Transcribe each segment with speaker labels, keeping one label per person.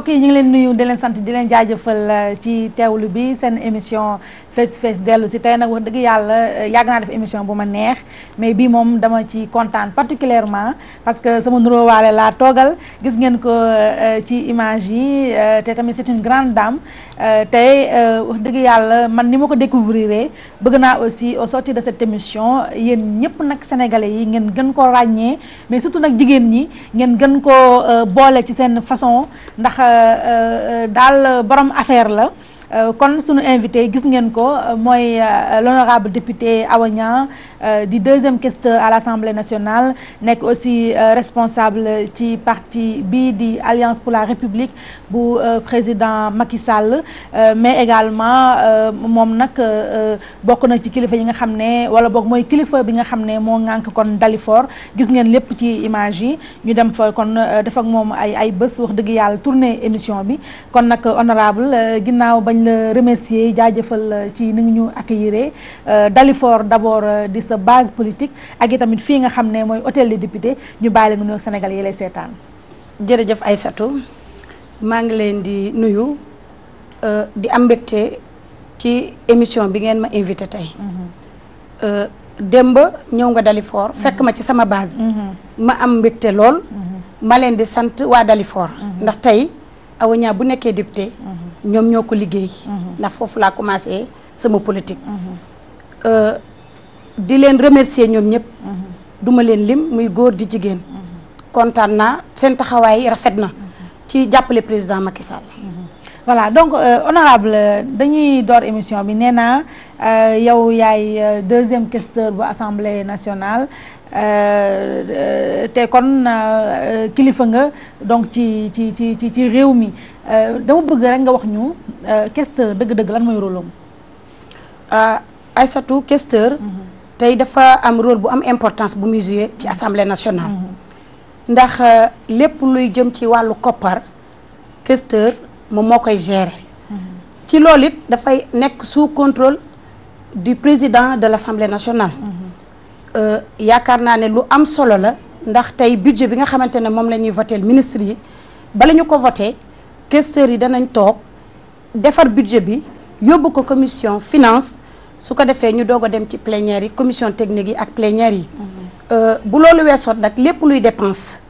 Speaker 1: mbokk yi ñu ngi leen nuyu di leen sant di leen la eh, ci teewlu bi seen émission dellu si tey nag wax dëgg yàlla eh, yàgg naa def émission bu ma neex mais bii moom dama ci kontaan particulièrement parce que sama waale laa toogal gis ngeen ko eh, ci image yi eh, te tamit c'est une grande dame tey wax dëgg yàlla man ni ma ko découvrir bëgg naa aussi au sortir de cette émission yéen ñëpp nag sénégalais yi ngeen gën ko ràññee mais surtout nag jigéen ñi ngeen gën ko boole ci seen façon ndax daal borom affaire la Euh, kon sunu invité gis ngeen ko euh, mooy euh, l'honorable député Awa Euh, di deuxième questeur à l'Assemblée nationale nekk aussi euh, responsable ci parti bii di Alliance pour la République bu euh, président Macky Sall mais également moom nag bokk na ci kilifa yi nga xam ne wala boog mooy kilifa bi nga xam ne moo ŋànk kon Dalifort gis ngeen lépp ci image yi ñu dem fa kon def ak moom ay ay bés wax dëgg yàlla tournée émission bi kon nag honorable ginnaaw bañ la remercier jaajëfal ci ni ñu accueillir Dalifort d'abord sa base politique ak itamit fii nga xam
Speaker 2: ne mooy hôtel des députés ñu bàyyi la nga nuyoog Sénégal yi lay seetaan. jërëjëf Aïssatou maa ngi leen di nuyu euh, di am mbégte ci émission bi ngeen ma invité tey. Mm-hmm. Euh, démb ñëw nga Dalifor fekk ma ci sama base. Mm-hmm. ma am mbégte lool. Mm-hmm. ma leen di sant waa Dalifor. ndax tey Awa bu nekkee député. ñoom ñoo ko liggéey. ndax foofu laa commencé sama politique. Euh, di leen remercier ñoom ñëpp duma leen lim muy góor di jigéen kontaan naa seen taxawaay rafet na ci jàppale président Macky Sall donc euh, honorable dañuy door émission bi nee
Speaker 1: naa euh, yow yaay euh, deuxième kesteur bu assemblée nationale euh, te kon kilifa nga donc ci ci ci ci ci
Speaker 2: réew mi dama bëgg rek nga wax ñu questeur dëgg-dëgg lan mooy rôle am. Ah, Aïssatou questeur. Mhm. tey dafa am rôle bu am importance bu muy ci assemblée nationale. Mhm. ndax euh, lépp luy jëm ci wàllu koppar questeur moom moo koy gérer. Mhm. ci loolu it dafay nekk sous contrôle du président de l' assemblée nationale. Mhm. Euh, yaakaar naa ne lu am solo la ndax tey budget bi nga xamante ne moom la ñuy voteel ministre yi bala ko voté questeurs yi danañ toog defar budget bi yóbbu ko commission finance su ko defee ñu doog a dem ci plénière yi commission technique yi ak plénière yi. Euh, bu loolu weesoot nag lépp luy dépense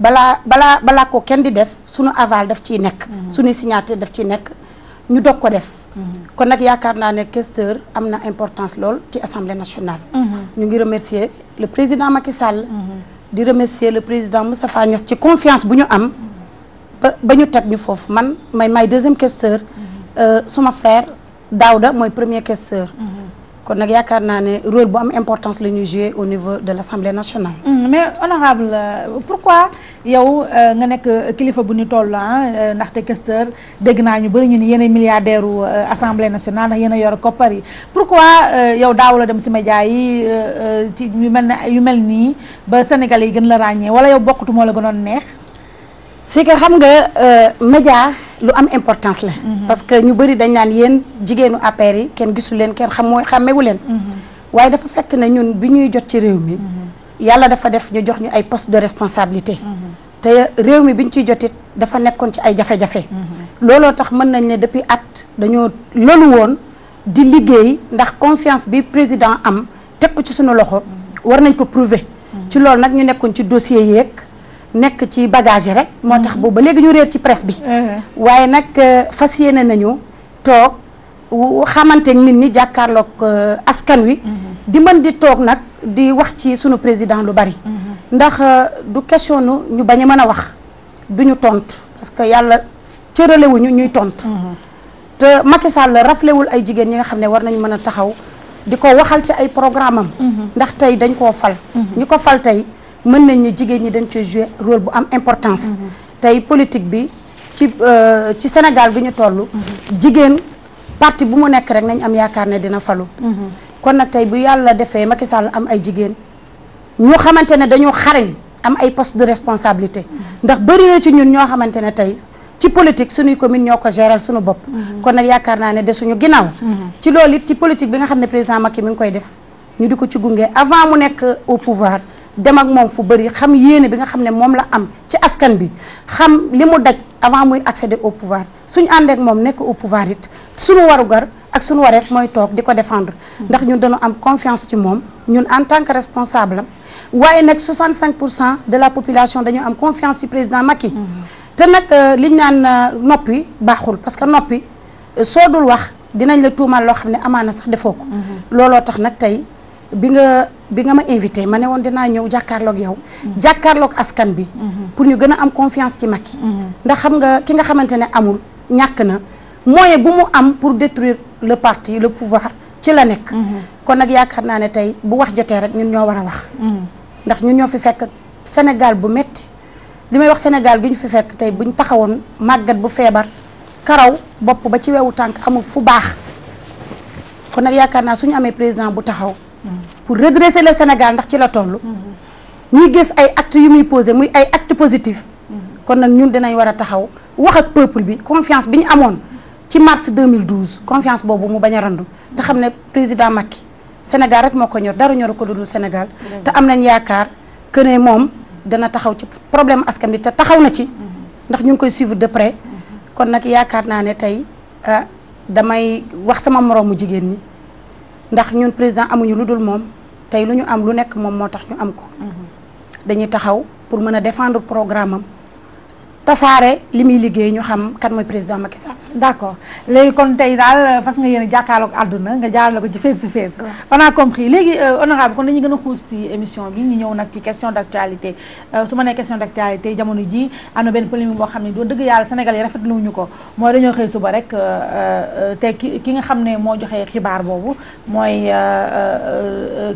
Speaker 2: balaa balaa balaa ko kenn di def suñu aval daf ciy nekk. Mhm. suñu signataire daf ciy nekk ñu doog ko def. Mhm. kon nag yaakaar naa ne questeur am na importance lool ci assemblée nationale. Mhm. ñu ngi remercier le président Macky Sall. di remercier le président Moustapha Niass ci confiance bu ñu am. ba ñu teg ñu foofu man may may deuxième questeur. Euh, suma frère. daaw da mooy premier questeur. Mhm. kon nag yaakaar naa ne rôle bu am importance la ñuy jouer au niveau de l' assemblée nationale.
Speaker 1: Mhm. mais honorable euh, pourquoi yow euh, nga nekk kilifa bu ñu toll ah euh, ndaxte questeur dégg naa ñu bëri ñu ni yéen ay milliardaire u assemblée nationale ndax yéen a yor koppar yi pourquoi yow daaw la dem si média yi ci yu mel ne yu mel nii
Speaker 2: ba Sénégal yi gën la ràññee wala yow bokkatu moo la gënoon neex. si que xam nga euh, média lu am importance la. Mm-hmm. parce que ñu bëri dañ naan yéen jigéenu APR yi kenn gisul leen kenn xam mooy xàmmewu leen. Mm-hmm. waaye dafa fekk ne ñun bi ñuy jot ci réew mi. Mm-hmm. yàlla dafa def ñu jox ñu ay poste de responsabilité. te réew mi bi ñu ciy jotit dafa nekkoon ci ay jafe-jafe. looloo tax mën nañ ne depuis at dañoo loolu woon di liggéey ndax confiance bi président am teg ko ci suñu loxo. war nañ ko prouver. ci loolu nag ñu nekkoon ci dossier yeeg. nekk ci bagage rek. moo tax boobu ba léegi ñu réer ci presse bi. Eh, eh. waaye nag euh, fas yéene nañu toog xamante nit ñi jàkkaarloog euh, askan wi. Mm-hmm. di mën di toog nag di wax ci suñu président lu bari. Mm-hmm. ndax euh, du question nu ñu bañ a mën a wax du ñu tontu parce que yàlla cëralewuñu ñuy tontu. Mm-hmm. te Macky Sall raflewul ay jigéen ñi nga xam ne war nañu mën a taxaw di ko waxal ci ay programme am. ndax tey dañ koo fal. ñi ko fal tey. mën nañ ni jigéen ñi dañ cee jouer rôle bu am importance. Mm-hmm. tey politique bi ci euh, ci Sénégal gi ñu toll. Mm-hmm. jigéen parti bu mu nekk rek nañ am yaakaar ne dina falu. Mm-hmm. kon nag tey bu yàlla defee Macky Sall am ay jigéen ñu xamante ne dañoo xarañ am ay poste de responsabilité. ndax bari na ci ñun ñoo xamante ne tey. ci politique suñuy commune ñoo ko géral suñu bopp kon nag yaakaar naa ne de suñu ginnaaw ci loolu it ci politique bi nga xam ne président Macky mi ngi koy def ñu di ko ci gunge avant mu nekk au pouvoir dem ak moom fu bëri xam yéene bi nga xam ne moom la am ci askan bi xam li mu daj avant muy accéder au pouvoir suñu ànd moom nekk au pouvoir it suñu warugar ak suñu waree mooy toog di ko défendre ndax ñun dañu am confiance ci moom ñun en tant que responsable waaye nag 65 pour cent de la population dañu am confiance ci président Macky te nag euh, liñ naan euh, noppi baaxul parce que noppi euh, soo dul wax dinañ la tuumal loo xam ne amaan amaana sax defoo ko mm-hmm. looloo tax nag tey bi nga bi nga ma invité ma ne woon dinaa ñëw jàkkaarloog yow. Mhm. jàkkaarloog askan bi. Mhm. pour ñu gën a am confiance ci Macky. Mhm. ndax xam nga ki nga xamante ne amul ñàkk na moyen bu mu am pour détruire le parti le pouvoir ci la nekk. kon nag yaakaar naa ne tey bu wax jotee rek ñun ñoo war a wax. ndax ñun ñoo fi fekk Sénégal bu metti li may wax Sénégal gi ñu fi fekk tey buñ taxawoon màggat bu feebar karaw bopp ba ci wewu tànk amul fu baax kon nag yaakaar naa suñu amee président bu taxaw. pour redresser le Sénégal ndax ci la toll. muy gis ay actes yu muy posé muy ay actes positifs. kon nag ñun dinañ war a taxaw wax ak peuple bi confiance bi ñu amoon ci mars 2012 confiance boobu mu bañ a randu te xam ne président Macky Sénégal rek moo ko ñor dara ñoru ko dul Sénégal. te am nañ yaakaar que ne moom dana taxaw ci problème askan bi te taxaw na ci. ndax ñu ngi koy suivre de près. kon nag yaakaar naa ne tey ah damay wax sama moroomu jigéen ñi. ndax ñun président amuñu lu dul moom tey lu ñu am lu nekk moom moo tax ñu am ko. Mhm. dañuy taxaw pour mën a defendre programme am tasaare li muy liggéey ñu xam kan mooy président Macky Sall. d'accord léegi kon tey daal euh, fas nga yéen a àdduna nga
Speaker 1: jaarale ko ci face to face. on a compris léegi euh, honorable kon dañuy gën a xuus si émission bi ñu ñëw nag ci question d'actualité euh, su ma nee question d'actualité jamono ji am na benn polémique boo xam ne doo dëgg yàlla Sénégal yi rafetlu ñu ko mooy dañoo xëy suba rek te ki nga xam ne moo joxe xibaar boobu mooy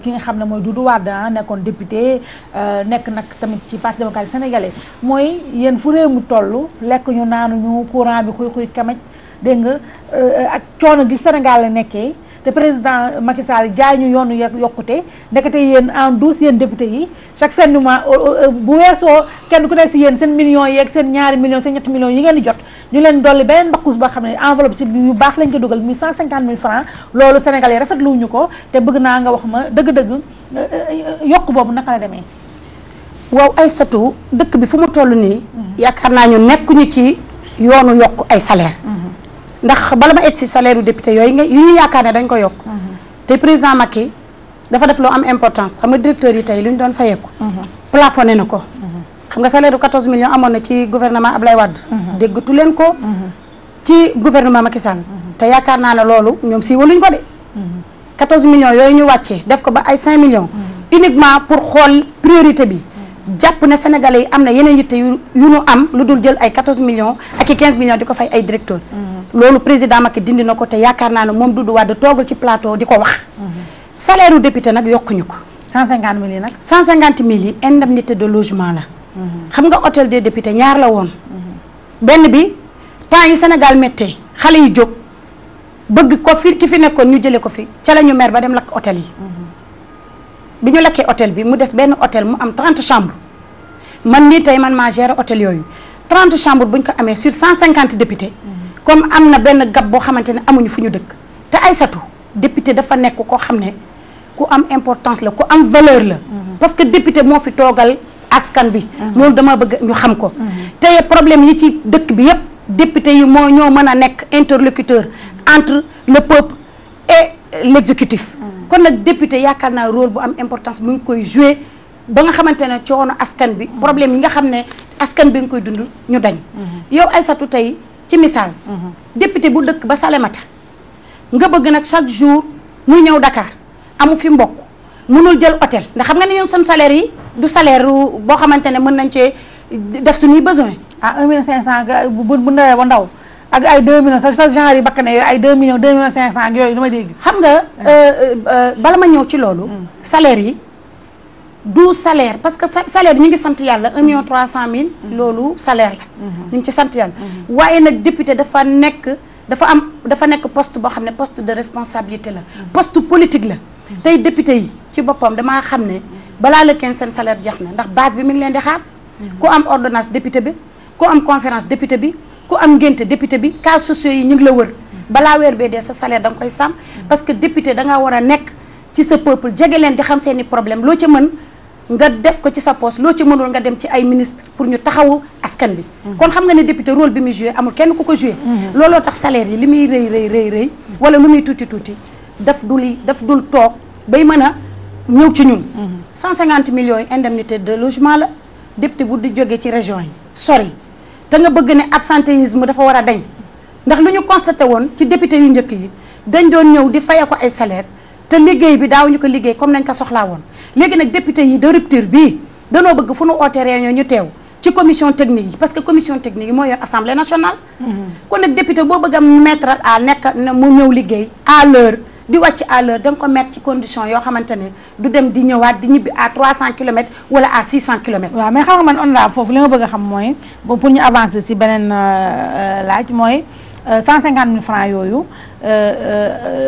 Speaker 1: ki nga xam ne mooy Doudou Wade ah, nekkoon député nekk nag tamit ci parti démocratique sénégalais mooy yéen fu réew mu toll lekk ñu naanuñu courant bi kuy kuy dégg nga euh, ak coono gi Sénégal la nekkee te président Macky Sall jaay ñu yoonu yokkute ndekete yéen en douce yéen député yi chaque fin du mois euh, euh, bu weesoo kenn ku ne si yéen seen millions yeeg seen ñaari millions seen ñetti millions yi ngeen di jot ñu leen dolli beneen mbakkus boo xam ne enveloppe ci yu baax lañ ko dugal muy 150 000 francs loolu Sénégal yi rafetlu ñu ko te bëgg naa nga wax ma dëgg-dëgg yokk boobu naka la demee.
Speaker 2: waaw Aïssatou dëkk bi fu mu toll nii. Mm-hmm. yaakaar naa ñu nekkuñu ci yoonu yokk ay salaire mm-hmm. ndax bala ma egg si salaire yooyu nga yu ñu yaakaar ne dañ ko yokk mhm. te président Macky dafa def loo am importance xam nga directeur yi tey lu ñu doon fayeeku mhm. plafonné na ko mhm. xam nga salaire u 14 amoon na ci gouvernement Ablaye Wade déggatu leen ko ci gouvernement Macky Sall te yaakaar naa ne loolu ñoom siiwaluñ ko de 14 millions yooyu ñu wàccee def ko ba ay 5 millions uniquement pour xool priorité bi jàpp ne sénégalais yi am na yeneen yitte yu yu nu am lu dul jël ay 14 millions ak i 15 di ko fay ay directeur loolu président Macky dindi na ko te yaakaar naa ne moom du Doudou Wade toogul ci plateau di ko wax. salaire u député nag yokkuñu ko. 150 mille yi nag. 150 mille yi indemnité de logement la. xam nga hôtel des députés ñaar la woon. benn bi temps yi Sénégal méttee xale yi jóg bëgg ko fi ki fi nekkoon ñu jëlee ko fi cele la ñu mer ba dem lakk hôtel yi. bi ñu lakkee hôtel bi mu des benn hôtel mu am 30 chambres man nii tey man maa gérer hôtel yooyu 30 chambres buñ ko amee sur 150 députés. comme am na benn gab boo xamante ne amuñu fu ñu dëkk te ay Aïssatou député dafa nekk koo xam ne ku am importance la ku am valeur la mhm. parce que député moo fi toogal askan bi mhm. loolu dama bëgg ñu xam ko mhm. te problème yi ci dëkk bi yépp député yi moo ñoo mën a nekk interlocuteur entre le peuple et l'exécutif kon nag député yaakaar naa rôle bu am importance mu ngi koy jouer ba nga xamante ne coono askan bi problème yi nga xam ne askan bi nga koy dund ñu dañ yow ci misaal. député bu dëkk ba Salémata nga bëgg nag chaque jour muy ñëw dakaar amu fi mbokk mënul jël hôtel ndax xam nga ne ñun suñu salaire yi du salaire boo xamante ne mën nañ cee def suñuy besoin ah 1 million 500 nga bu bu
Speaker 1: ndawee ba ndaw ak ay 2 millions sa sa genre yi bakk yooyu ay 2 millions 2 millions 500 ak yooyu dama dégg. xam nga
Speaker 2: euh, euh, euh, bala ma ñëw ci loolu. Mm. salaire yi. du salaire parce que salaire ñu ngi sant yàlla un million trois cent mille loolu salaire la mhm. ñu ngi ci sant yàlla mhm. waaye nag député dafa nekk dafa am dafa nekk poste boo xam ne poste de responsabilité la mhm. poste politique la tey député yi ci boppam damaa xam ne balaa la kenn seen salaire jeex na ndax base bi mi ngi leen di xaar ku am ordonnance député bi ku am conférence député bi ku am ngénte député bi cas sociaux yi ñu ngi la wër balaa weer bee dee sa salaire da koy sàmm parce que député da nga war a nekk ci sa peuple jege leen di xam seen i problème loo ca mën nga def ko ci sa poste loo ci mënul nga dem ci ay ministre pour ñu taxawu askan bi mm-hmm. kon xam nga ne député role bi muy joué amul kenn ku ko joué mm-hmm. looloo tax salaire yi li muy rëy rëy rëy rëy wala lu muy tuuti tuuti daf dul daf dul toog bay mën a ñëw ci ñun 150 mm-hmm. millions yi indemnité de logement la député bu di jógee ci région yi sori te nga bëgg ne absentéisme dafa war a dañ ndax lu ñu constaté woon ci député yu njëkk yi dañ doon ñëw di faye ko ay salaire te liggéey bi daaw ko liggéey comme nañ ko soxlaa woon léegi nag député yi de rupture bii danoo bëgg fu nu oote réunion ñu teew ci commission technique yi parce que commission technique yi mooy yor assemblée nationale. Mm-hmm. kon nag député boo bëgg a mettre à nekk mu ñëw liggéey à l'heure di wàcc à l'heure da ko mettre ci condition yoo xamante ne du dem di ñëwaat di ñibbi à 300 kilomètres wala à 600 kilomètres. waaw mais xam nga man on la foofu li ma bëgg xam mooy pour ñu avancer si beneen euh,
Speaker 1: euh, laaj mooy 150 euh, 000 francs yooyu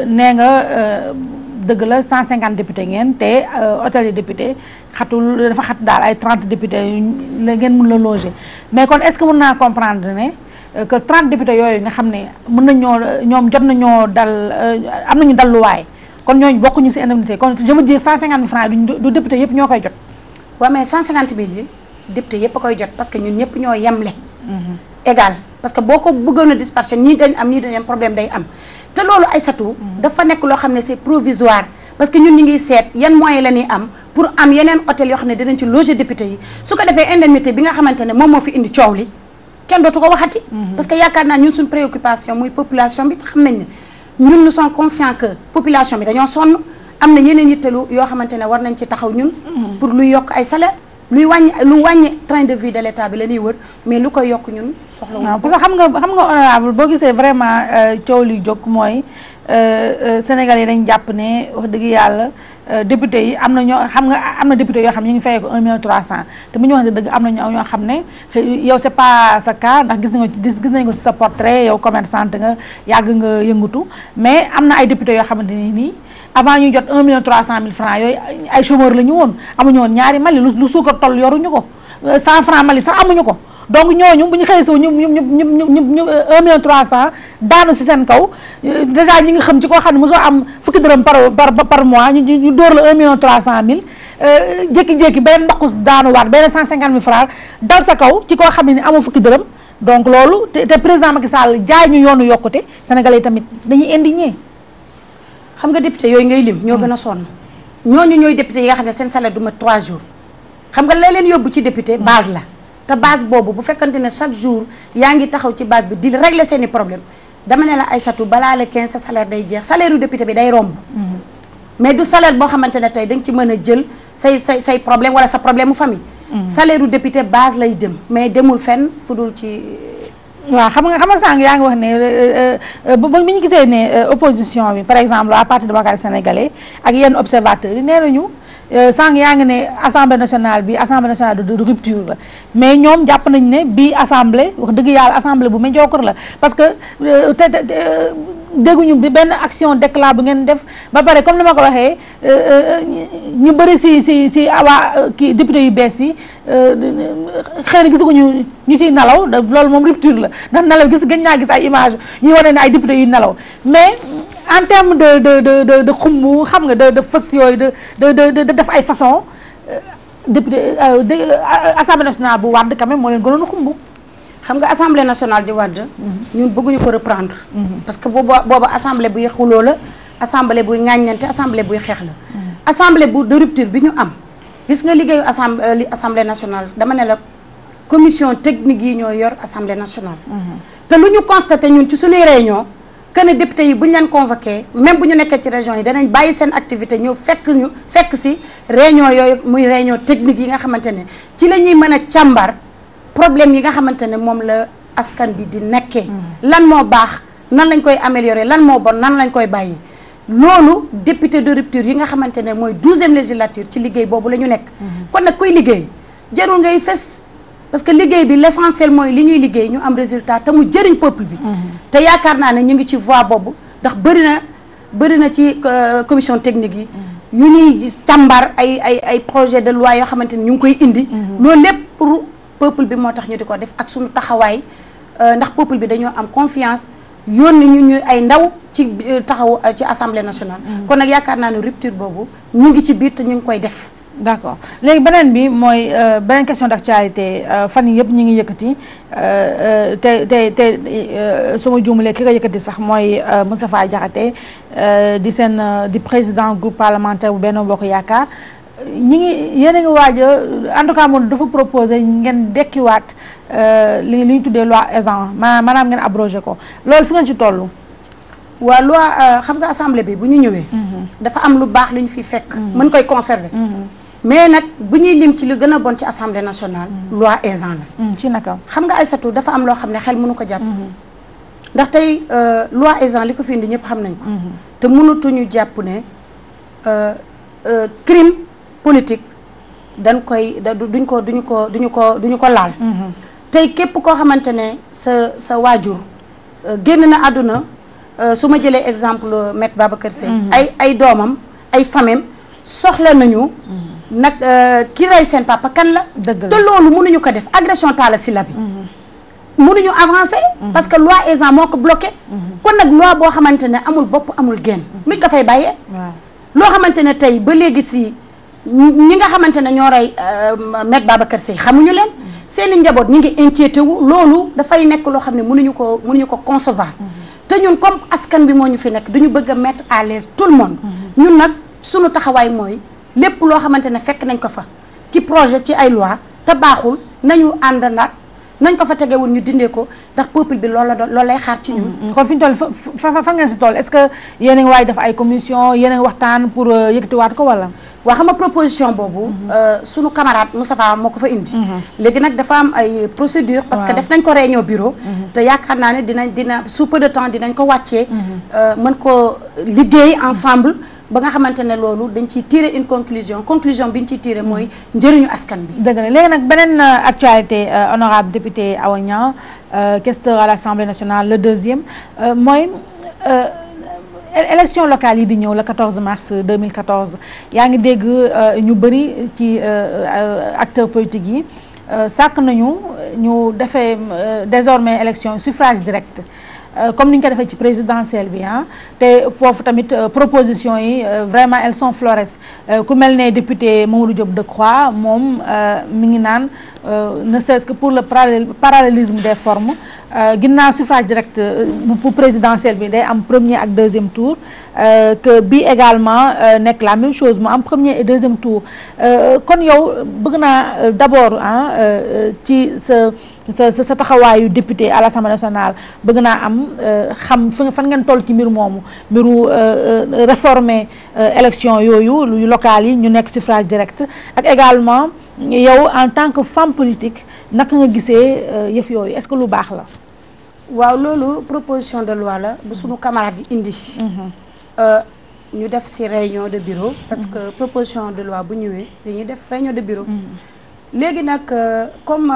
Speaker 1: nee nga. dëgg la 150 député ngeen te euh, hôtel yi député xatul dafa xat daal ay 30 député la ngeen mun la loger mais kon est-ce que mën naa comprendre ne euh, que 30 député yooyu nga xam ne mën nañoo ñoom jot nañoo dal euh, am nañu dalluwaay
Speaker 2: kon ñooñu bokkuñu ci indemnité kon je veux dire 150 francs du député yëpp ñoo koy jot. waaw mais 150 mille député yëpp koy jot parce que ñun ñëpp ñoo yemle.
Speaker 3: Mm-hmm.
Speaker 2: égal parce que boo ko bëggoon a disperser ñii dañ am. te loolu ay Aïssatou dafa nekk loo xam ne c'est provisoire parce que ñun ñu ngi seet yan moyens la am pour am yeneen hôtel yoo xam ne danañ ci loger député yi su ko defee indemnité bi nga xamante ne moom moo fi indi coow li kenn dootu ko waxati. Mhm. parce que yaakaar naa ñun suñ préoccupation muy population bi xam nañ ne ñun nous sommes conscients que population bi dañoo sonn am na yeneen yittalu yoo xamante ne war nañ ci taxaw ñun. Mhm. pour luy yokk ay salaire luy wàññi lu wàññi train de vie de l'état bi la ñuy wër mais lu koy yokk ñun soxla waaw parce que xam
Speaker 1: nga xam nga honorable boo gisee vraiment euh, coow li jóg mooy euh, euh, Sénégal yi dañ jàpp ne wax dëgg yàlla député yi am na ñoo xam nga am na député yoo xam ne ñu ngi fayee ko un million trois cent te bu ñu wax dëgg am na ñoo ñoo xam ne yow c'est pas sa cas ndax gis nga gis nañ ko ci sa portrait yow commerçante nga yàgg nga yëngatu mais am na ay député yoo xamante ni nii avant ñu jot 1 million 300 mille francs yooyu ay chômeur la ñu woon amuñu woon ñaari mali lu suukar toll yoruñu ko 100 euh, francs mali sax amuñu ko donc ñooñu bu ñu xëy saw ñu ñu ñu ñu ñu 1 euh, million 300 daanu seen kaw euh, déjà ñi nga xam ci koo xam ne mosoo am fukki dërëm par par par mois ñu ñu dóor la 1 million cent mille jékki-jékki beneen mbaqu daanu waat beneen 150 mille francs dal sa kaw ci koo xam ne ni amoo fukki dërëm donc loolu te
Speaker 2: président Macky saal jaay ñu yoonu yokkute sénégalais yi tamit dañuy indigné. xam nga député yooyu ngay lim ñoo hmm. gën a sonn ñooñu ñooy député yi nga xam ne seen salaire du ma 3 jours xam nga la leen yóbbu ci député hmm. base la te base boobu bu fekkante ne chaque jour yaa ngi taxaw ci base bi di régler seen i problème dama ne la Aïssatou balaa la 15 sa salaire day jeex salaire yu bi day romb hmm. mais du salaire boo xamante ne tey da ci mën a jël say say say problème wala sa problème mu famille salaire yu député base lay dem mais demul fenn fu ci waa xam
Speaker 1: nga xam nga sànq yaa ngi wax ne euh, euh, euh, ba ñu gisee ne opposition bi par exemple à parti de Bakary sénégalais ak yenn observateurs yi nee nañu sànq yaa ngi ne assemblée nationale bi assemblée nationale de rupture la mais ñoom jàpp nañ ne bi assemblée wax dëgg yàlla assemblée bu médiocre la parce que te dégguñu bi benn action d'éclat bu ngeen def ba pare comme ni ma ko waxee euh, euh, ñu bëri si si si awaa euh, kii député yu bees yi xëy na ko ñu ñu siy nalaw loolu moom rupture la ndax nalaw gis gën naa gis ay image ñuy wane ne ay député yu nelaw mais en terme de de de de xumb xam nga de de fës yooyu de de de def ay façon député
Speaker 2: assemblée nationale bu wàdd quand même moo leen gënoon xumb xam nga assemblée nationale di Wade. Mhm. ñun bëgguñu ko reprendre. Mhm. parce que booba booba assemblée buy xuloo la assemblée buy ŋàññante assemblée buy xeex la. Mhm. assemblée bu de bi ñu am gis nga liggéeyu assemblée euh, assemblée nationale dama ne la commission technique yi ñoo yor assemblée nationale. te lu ñu constaté ñun ci suñuy réunion que ne député yi bu ñu leen convoqué même bu ñu nekkee ci région yi danañ bàyyi seen activité ñëw fekk ñu fekk si réunion yooyu muy réyon technique yi nga xamante ne ci la ñuy mën a càmbar. problème yi nga xamante ne moom la askan bi di nekkee lan moo baax nan lañ koy améliorer lan moo bon nan lañ koy bàyyi loolu député de rupture yi nga xamante ne mooy douzième législature ci liggéey boobu la ñu nekk mm-hmm. kon nag kuy liggéey jarul ngay fes parce que liggéey bi l'essentiel mooy li ñuy liggéey ñu am résultat te mu jëriñ peuple bi mm-hmm. te yaakaar naa ne ñu ngi ci voie boobu ndax bëri na bëri na ci euh, commission technique yi ñu mm-hmm. ñuy càmbar ay ay ay projet de loi yoo xamante ne ñu ngi koy indi peuple bi moo tax ñu di ko def ak suñu taxawaay euh, ndax peuple bi dañoo am confiance yónni ñu ñu ay ndaw ci euh, taxaw euh, ci assemblée nationale. Mm-hmm. kon nag yaakaar naa ne rupture boobu ñu ngi ci biir te ñu ngi koy def. d' accord léegi beneen bi mooy
Speaker 1: beneen question d' actualité fan yii yëpp ñu ngi yëkkati te te te su ma juumalee ki nga yëkkati sax mooy Moustapha Diakhaté di seen di président groupe parlementaire bu Benno Bokk Yaakaar. ñi ngi yéen a ngi waaj a en tout cas moom dafa proposé ngeen dekkiwaat euh, li li ñu tuddee loi Ezzan maanaam
Speaker 2: ngeen abrogé ko loolu fi ngeen ci toll. waa loi euh, xam nga assemblée bi bu ñu ñëwee. Mhm. dafa am lu baax lu ñu fi fekk. Mhm. mën koy conserver. Mhm. mais nag bu ñuy lim ci lu gën a bon ci assemblée nationale. loi Ezzan la. ci naka xam nga ay Aïssatou dafa am loo xam ne xel mënu ko jàpp. ndax tey euh, loi Ezzan li ko fi indi ñëpp xam nañ ko. te mënatuñu jàpp ne crime. politique dañ koy da duñ ko duñu ko duñu ko duñu ko laal mhm. tey képp koo xamante ne sa sa waajur euh, génn na àdduna euh, su ma jëlee exemple maître Babacar Seye mhm. ay ay doomam ay famem soxla nañu mhm. nag euh, ki rey seen papa kan la te loolu mënuñu ko def agression Talla Sylla bi mënuñu avancer parce que loi Ezzan moo ko bloqué kon nag loi boo xamante ne amul bopp amul génn mi ko fay bàyyee loo xamante tey ba léegi si ñi nga xamante ne ñoo rey euh, Maître Babacar Sèye xamuñu leen seeni njaboot ñu ngi inquiété wu loolu dafay nekk loo xam ne mënuñu ko mënuñu ko concevoir te ñun comme askan bi moo ñu fi nekk dañu bëgg a mettre à l'aise tout le monde ñun nag suñu taxawaay mooy lépp loo xamante ne fekk nañ ko fa ci projet ci ay loi te baaxul nañu ànd nag nañ ko fa tege woon ñu dindee ko ndax peuple bi loolu la doon loolu lay xaar ci ñun. Mm-hmm. kon fi ñu toll fa fa ngeen si toll est-ce que yéen a ngi waay def ay commission yéen a ngi waxtaan pour euh, yëkkatiwaat ko wala. waa xam nga proposition boobu. Mm-hmm. Euh, sunu camarade Moustapha moo ko fa indi. Mm-hmm. léegi nag dafa am ay procédure parce que def nañ ko réunion bureau. te yaakaar naa ne dinañ dina sous peu de temps dinañ ko wàccee. Euh, mën ko liggéey ensemble. ba nga xamante ne loolu dañ ciy tirer une conclusion conclusion bi ñu ciy tirer mooy njëriñu askan bi.
Speaker 1: dëgg la léegi nag beneen euh, actualité euh, honorable député Awa Niang euh, questeur à l'Assemblée nationale le deuxième mooy. élection locale yi di ñëw le 14 mars 2014 yaa ngi dégg ñu bëri ci acteurs politiques yi sàkk nañu ñu defee désormais élection suffrage direct Euh, comme ni ñu ko defee ci présidentielle bi ah te foofu tamit euh, proposition yi euh, vraiment elles sont florès ku mel ne député Mamadou de Decroix moom mi ngi naan ne serait que pour le parallélisme des formes ginnaaw suffrage direct bu présidentielle bi day am premier ak deuxième tour que bi également nekk la même chose mu am premier et deuxième tour kon yow bëgg naa d'abord ah ci sa sa sa taxawaayu député à l'Assemblée nationale bëgg naa am euh, xam fan ngeen toll ci mbir moomu mbiru euh, euh, réformer élection yooyu yu locales yi ñu nekk suffrage direct ak également yow en tant que femme politique naka nga gisee yëf yooyu est-ce que lu baax la.
Speaker 2: waaw loolu proposition de loi la bu sunu camarade yi indi. Mhm. ñu def ci réunion de bureau. parce que mhm. proposition de loi bu ñëwee dañuy def réunion de bureau. Mhm. léegi nag comme.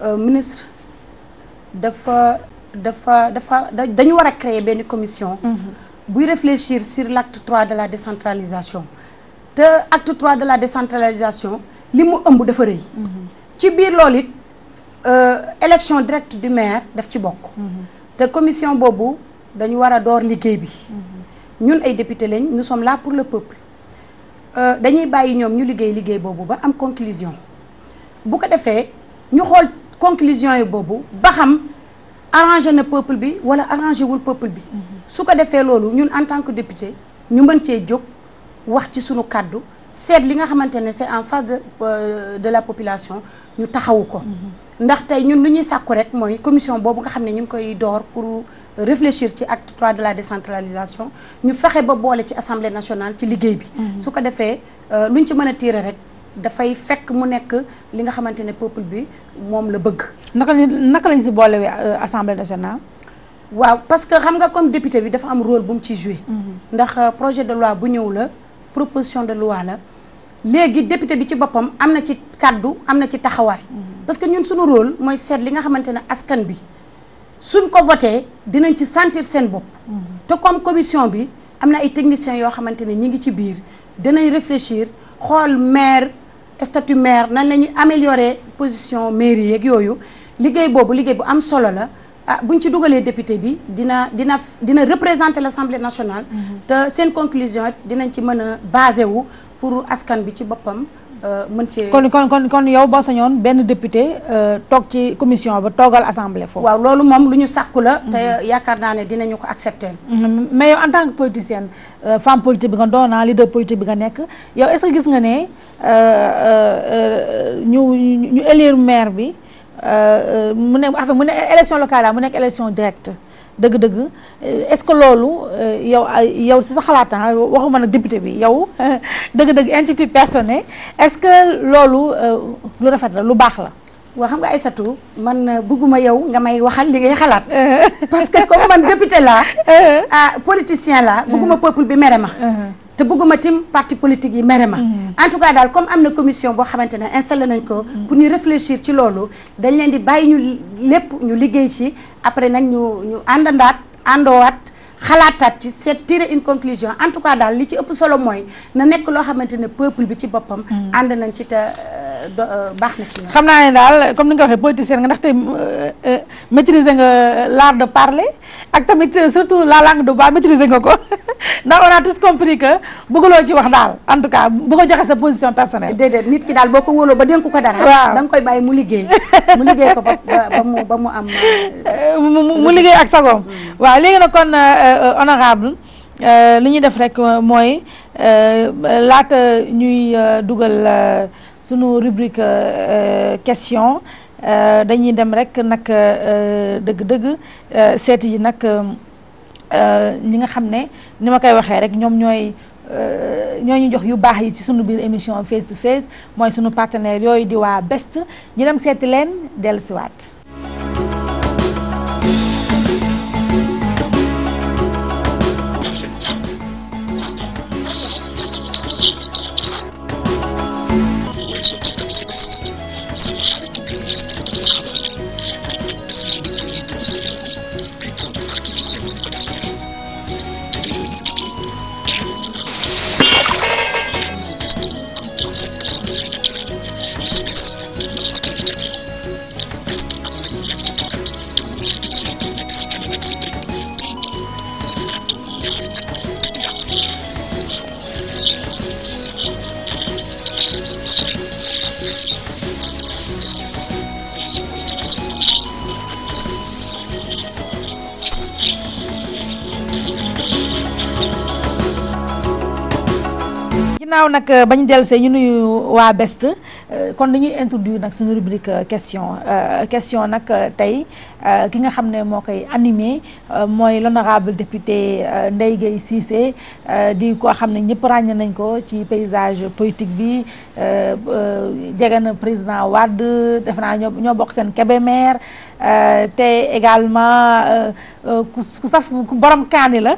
Speaker 2: Euh, ministre dafa dafa dafa dañu war a créer benn commission. Mhm. buy réfléchir sur l'acte trois de la décentralisation te acte trois de la décentralisation li mu ëmb dafa rëy. Mhm. ci biir lool it euh, élection directe du maire daf ci bokk. Mhm. te commission boobu dañu war a door liggéey bi. ñun ay député lañ nous sommes la pour le peuple euh, dañuy bàyyi ñoom ñu liggéey liggéey boobu ba am conclusion bu ko defee ñu xool. conclusion yi boobu ba xam arrangé na peuple bi wala arrangé wul peuple bi su ko defee loolu ñun en tant que député ñu mën cee jóg wax ci sunu kàddu seet li nga xamante ne c'est en face de euh, de la population ñu taxawu ko ndax tey ñun lu ñuy sàkku rek mooy commission boobu nga xam ne ñu ngi koy door pour réfléchir ci acte 3 de la décentralisation ñu fexe ba boole ci assemblée nationale ci liggéey bi mm-hmm. su ko defee euh, lu ñu ci mën a tiire rek dafay fekk mu nekk li nga xamante ne peuple bi moom la bëgg. naka lañ naka lañ si boolewee euh, assemblée nationale. waaw parce que xam nga comme député bi dafa am rôle bu mu ci joué. Mhm. ndax euh, projet de loi bu ñëw la proposition de loi la léegi député bi ci boppam am na ci kàddu am na ci taxawaay. Mhm. parce que ñun suñu role mooy seet li nga xamante ne askan bi suñ ko voté dinañ ci sentir seen bopp. Mhm. te comme commission bi am na ay techniciens yoo xamante ne ñu ngi ci biir dinañ réfléchir. xool maire statut maire nan la ñuy améliorer position mairie yeeg yooyu liggéey boobu liggéey bu am solo la ah buñ ci dugalee député bi dina dina dina représenter l'Assemblée nationale. Mm-hmm. te seen conclusion dinañ ci mën a basé wu pour askan bi ci boppam. Euh, mën cee. kon
Speaker 1: kon kon kon yow boo sañoon benn député euh, toog ci commission ba toogal assemblée foofu. waaw loolu moom lu ñu sàkku la.
Speaker 2: te mm-hmm. yaakaar naa ne dinañu
Speaker 1: ko accepter. Mm-hmm. mais yow en tant que politicienne euh, femme politique bi nga doon naa ah, leader politique bi nga nekk yow est-ce que gis nga ne ñu ñu élire maire bi mu ne affaire mu ne élection locale la ah, mu nekk élection directe. dëgg-dëgg est-ce que loolu euh, yow yow si sa xalaat ah, waxuma nag député bi yow dëgg-dëgg institut personnel est-ce que loolu euh, lu rafet la lu baax la.
Speaker 2: waa xam nga Aïssatou man euh, bëgguma yow nga may waxal li ngay xalaat parce que comme man député laa uh-huh. ah politicien la bëgguma uh-huh. peuple bi mere ma uh-huh. te bëgguma tim parti politique yi mere ma mm. en tout cas daal comme am na commission boo xamante ne installé nañ ko mm. pour ñu réfléchir ci loolu dañ leen di bàyyi ñu lépp ñu liggéey ci après nag ñu ñu àndandaat àndoowaat xalaataat ci seet tirer une conclusion en tout cas daal li ci ëpp solo mooy na nekk loo xamante ne peuple bi ci boppam. Hmm. ànd nañ ci te euh, euh, baax na ci
Speaker 1: ñoom. xam naa ne daal comme ni nga ko waxee politicien nga ndaxte euh, maîtriser nga l'art de parler ak tamit surtout la langue de bois maîtriser nga ko ndax on a tous compris que
Speaker 2: bëggloo ci wax daal en tout cas bëgg a joxe sa position personnelle. déedéet nit ki daal boo ko wóoloo ba dénk ko dara. waaw da koy bàyyi mu liggéey mu liggéey ko ba ba mu ba mu mu liggéey ak
Speaker 1: sagoom hmm. Euh, honorable euh, li ñuy def rek euh, mooy laata ñuy dugal suñu rubrique question dañuy dem rek nag dëgg-dëgg seet yi nag ñi nga xam ne ni ma koy waxee rek ñoom ñooy ñoo ñu jox yu baax yi ci suñu biir émission face to face mooy suñu partenaire yooyu di waa best ñu dem seeti leen dellusiwaat. ginnaaw nag euh, bañu dellusee ñu nuyu waa best euh, kon dañuy introduire nag suñu rubrique euh, question question nag tey Euh, ki nga xam ne moo koy animé euh, mooy l'honorable député euh, Ndeye Gueye Cissé di koo xam ne ñëpp ràññe nañ ko ci paysage politique bi jege na président Wade def naa ñoo ñoo bokk seen Kébémer te également ku saf ku borom kaani la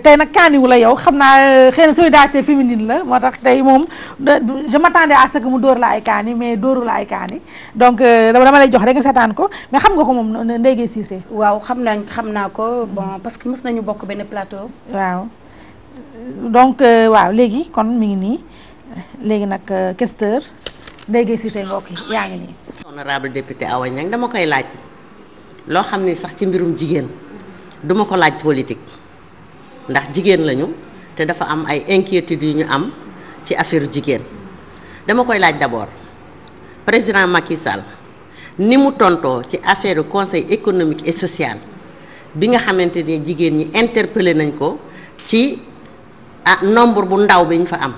Speaker 1: tey nag kaaniwu la yow xam naa xëy na daatee féminine la moo tax tey moom je m'attendais à ce que mu dóor la ay kaani mais dóoru la ay kaani donc dama lay jox rek nga seetaan ko mais xam nga ko moom Ndege Cissé. waaw xam nañ
Speaker 2: xam naa ko bon parce que mës nañu bokk benn plateau.
Speaker 1: waaw donc euh, waaw léegi kon mu ngi nii léegi nag kesteur euh, Ndege Cissé mbokk yi
Speaker 4: yaa ngi nii. honorable député Awa Niang dama koy laaj loo xam ni sax ci mbirum jigéen duma ko laaj politique ndax jigéen lañu te dafa am ay inquiétudes yu ñu am ci affaire jigéen dama koy laaj d'abord président Macky ni mu tontoo ci affaire conseil économique et social bi nga xamante ne jigéen ñi interpellé nañ ko ci ah nombre bu ndaw bi ñu fa am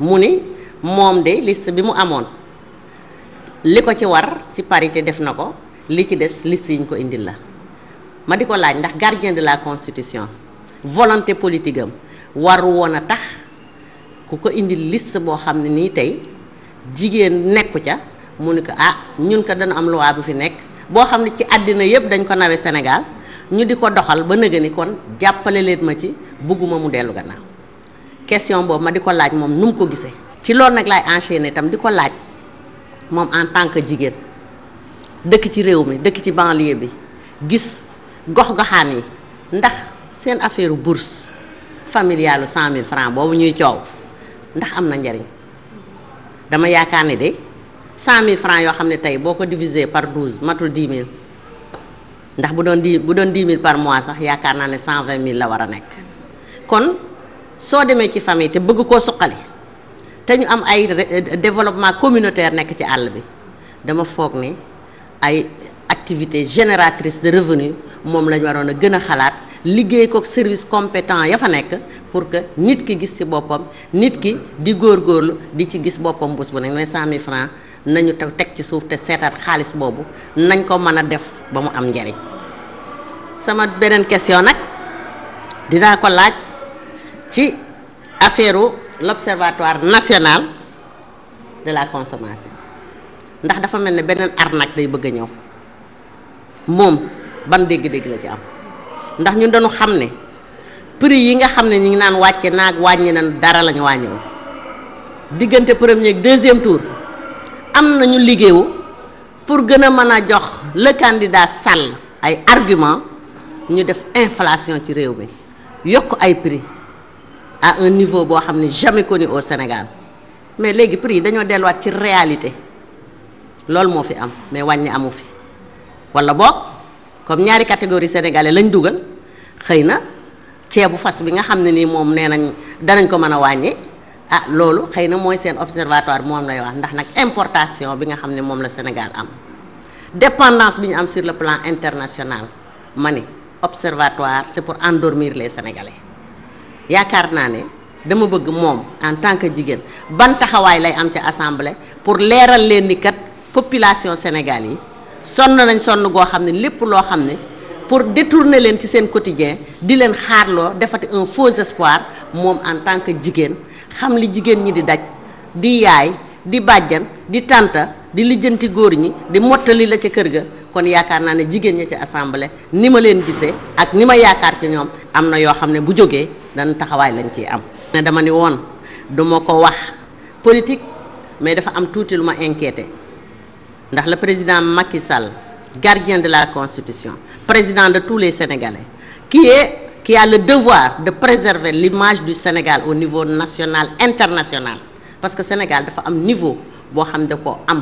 Speaker 4: mu ni moom de list bi mu amoon li ko ci war ci parité def na ko li ci des liste yiñ ko indil la ma di ko laaj ndax gardien de la constitution volonté politique am waru woon a tax ku ko indi list boo xam ne nii tey jigéen nekku ca mu ni ko ah ñun ko dana am loi bu fi nekk boo xam ne ci àddina yëpp dañ ko nawe senegal ñu di ko doxal ba nëga ni kon jàppale leen ma ci bugguma mu dellu gannaaw question boobu ma di ko laaj moom nu mu ko gisee ci loolu nag laay enchaîner itam di ko laaj moom en tant que jigéen dëkk ci réew mi dëkk ci banlieue bi gis gox-goxaan yi ndax seen affaire bourse familiale cent mille francs boobu ñuy coow ndax am na njariñ dama yaakaar ni de cent mille francs yoo xam ne tey boo ko diviser par douze matul dix mille ndax bu doon di bu doon dix mille par mois sax yaakaar naa ne cent vingt mille la war a nekk kon soo demee ci famille te bëgg koo suqali te ñu am ay euh, développement communautaire nekk ci àll bi dama foog ni ay activité génératrice de revenu moom lañ waroon a gën a xalaat liggéey ko service compétent ya fa nekk pour que nit ki gis ci boppam nit ki di góor góorgóorlu di ci gis boppam bés bu nekk mooy cent mille francs nañu te teg ci suuf te seetaat xaalis boobu nañ ko mën a def ba mu am njariñ sama beneen question nag dinaa ko laaj ci affaire l'observatoire national de la consommation ndax dafa mel ni beneen arnaque day bëgg a ñëw moom ban dégg-dégg la ci am ndax ñu dañu xam ne prix yi nga xam ne ñu ngi naan wàcce naag wàññi nan dara lañu wàññiwoon diggante premier ak deuxième tour. am nañu liggéeyu pour gën a mën a jox le candidat Sall ay argument ñu def inflation ci réew mi yokk ay prix a un niveau boo xam ne jamais connu au Sénégal mais léegi prix yi dañoo delluwaat ci réalité loolu moo fi am mais wàññi amu fi walla boog comme ñaari catégorie sénégalais lañ dugal xëy na ceebu fas bi nga xam ne nii moom nee nañ danañ ko mën a wàññi ah loolu xëy na mooy seen observatoire moom lay wax ndax nag importation bi nga xam ne moom la Sénégal am dépendance bi ñu am sur le plan international ma ni observatoire c'est pour endormir les Sénégalais yaakaar naa ne dama bëgg moom en tant que jigéen ban taxawaay lay am ca assemblée pour leeral leen ni kat population Sénégal yi sonn nañ sonn goo xam ne lépp loo xam ne pour détourner leen ci seen quotidien di leen xaarloo defate un faux espoir moom en tant que jigéen xam li jigéen ñi di daj di yaay di bàjjan di tànta di lijjanti góor ñi di mottali la ca kër ga kon yaakaar naa ne jigéen ña ci assemblée ni ma leen gisee ak ni ma yaakaar ci ñoom am na yoo xam ne bu jógee dana taxawaay lañ ciy am. ne dama ni woon du ma ko wax politique mais dafa am tuuti lu ma inquiété ndax le président Macky Sall gardien de la constitution président de tous les sénégalais qui qui a le devoir de préserver l'image du Sénégal au niveau national international parce que Sénégal dafa am niveau boo xam da ko am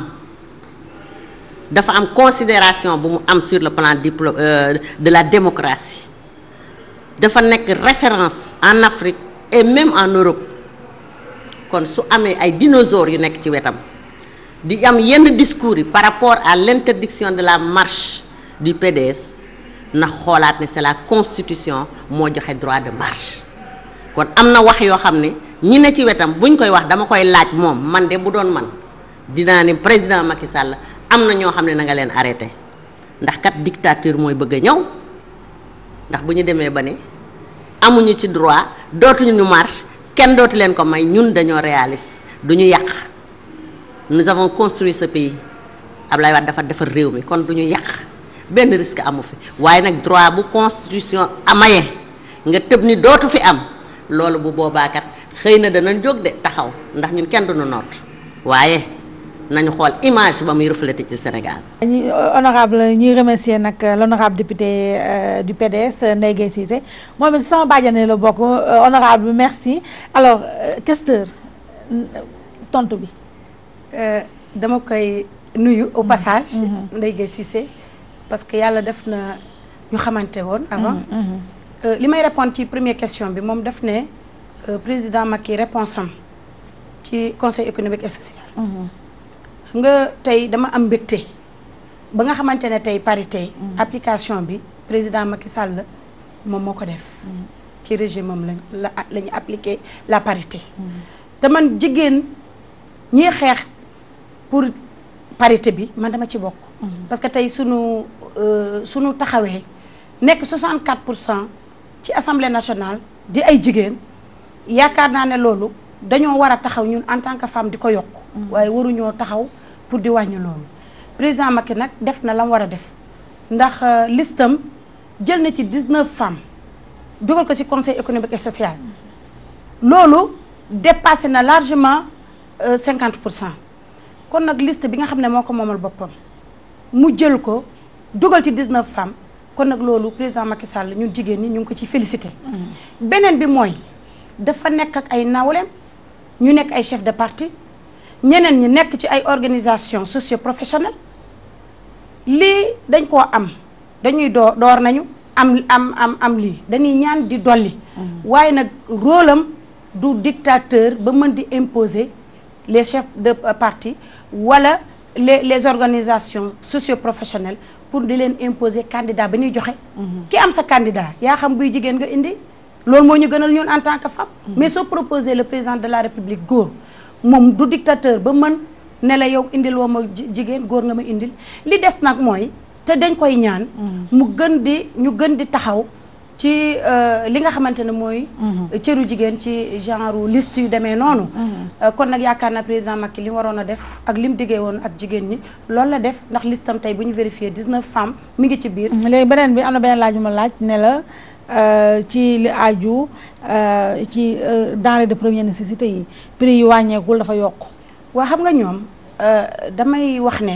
Speaker 4: dafa am considération bu mu am sur le plan diplo euh, de la démocratie dafa nekk référence en Afrique et même en Europe kon su amee ay dinosaures yu nekk ci wetam di am yenn discours yi par rapport à l'interdiction de la marche du PDS na xoolaat ne c'est la constitution moo joxe droit de marche kon am na wax yoo xam ne ñi ne ci wetam buñ koy wax dama koy laaj moom man de bu doon man dinaa ni président Macky Sall am na ñoo xam ne na leen arrêté ndax kat dictature mooy bëgg a ñëw ndax bu ñu demee ba ne amuñu ci droit dootuñu ñu marche kenn dootu leen ko may ñun dañoo réaliste du ñu yàq nous avons construit ce pays Ablaye Wade dafa defar réew mi kon du ñu yàq. benn risque amu fi waaye nag droit bu constitution amaye nga tëb ni dootu fi am loolu bu boobaakat xëy na danañ jóg de taxaw ndax ñun kenn duñu noot waaye nañu xool image ba muy reflété ci Sénégal.
Speaker 1: ñi honorable ñuy remercier nag l'honorable député euh, du PDS Ndeye Guèye Cissé moom it sama bàjjane la bokk euh, honorable merci alors euh,
Speaker 2: questeur tontu bi. dama koy nuyu au passage. Mm-hmm. Ndeye Guèye Cissé. parce que yàlla def na ñu xamante woon avant mm-hmm. Mm-hmm. Euh, li may répondre ci première question bi moom def ne euh, président Macky réponse am ci conseil économique et social
Speaker 3: mm-hmm.
Speaker 2: nga tey dama am mbégte ba nga xamante ne tey parité application bi président Macky Sall moom moo ko def ci régime am lañ la la ñu la parité te man jigéen ñiy xeex pour parité bi man dama ci bokk parce que tey sunu Euh, su nu taxawee nekk 64 pour cent ci assemblée nationale di ay jigéen yaakaar naa ne loolu dañoo war a taxaw ñun en tant que femme di ko yokk mm. waaye waruñoo taxaw pour di wàññi loolu président Macky nag def na lam war a def ndax euh, listam jël na ci 19 femmes dugal ko ci conseil économique et social loolu dépassé na largement 50 euh, pour cent kon nag liste bi nga xam ne moo ko moomal boppam mu jël ko dugal ci 19 femmes kon nag loolu président Macky Sall ñun jigéen ñi ñu ngi ko ci félicité. beneen bi mooy dafa nekk ak ay nawleem ñu nekk ay chef de parti ñeneen ñi nekk ci ay organisation socio professionnelle lii dañ koo am dañuy door door nañu am am am am lii dañuy ñaan di dolli. Mm-hmm. waaye nag rôle am du dictateur ba mën di imposer les chefs de euh, parti wala les les organisations socio professionnelles. pour di leen imposer candidat ba ñuy joxe. Mhm. ki am sa candidat yaa xam buy jigéen nga indi. loolu moo ñu gënal ñun en tant que femme. Mhm. mais soo proposé le président de la république góor moom du dictateur ba mën ne la yow indil woo ma jigéen góor nga ma indil li des nag mooy te dañ koy ñaan. Mhm. mu gën di ñu gën di taxaw. ci euh, li nga xamante ne mooy. Mhm. ceru jigéen ci genre list yu demee noonu. Mhm. Euh, kon nag yaakaar na président Macky li waroon a def ak li mu diggee woon ak jigéen ñi loolu la def ndax listam tey bu ñu vérifié 19 femmes mi ngi ci biir. Mhm. léegi beneen bi am na beneen laaj ma
Speaker 1: laaj ne la euh, ci li aaju ci denrée de première
Speaker 2: nécessité yi prix yu wàññeekul dafa yokk. waa xam nga ñoom damay wax ne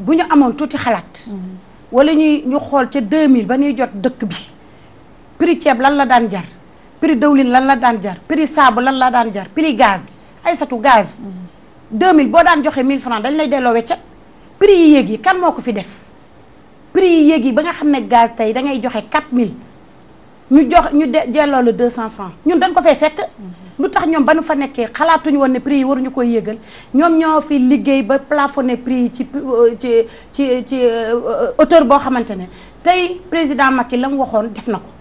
Speaker 2: bu ñu amoon tuuti xalaat. wala ñuy ñu xool ca mille ba ñuy jot dëkk bi. prix ceeb lan la daan jar prix dëwlin lan la daan jar prix saabu lan la daan jar prix gaz ay satu gaz 2000 boo daan joxee 1000 francs dañ lay delloo weccet prix yi yéeg yi kan moo ko fi def prix yi yéeg yi ba nga xam ne gaz tey dangay joxe joxe 4000 ñu jox ñu delloo la 200 francs ñun dañ ko fay fekk lu tax ñoom ba nu fa nekkee xalaatuñu woon ne prix yi waruñu koy yëgal ñoom ñoo fi liggéey ba plafonné prix yi ci ci ci ci euh, hauteur boo xamante ne tey président Macky la mu waxoon def na ko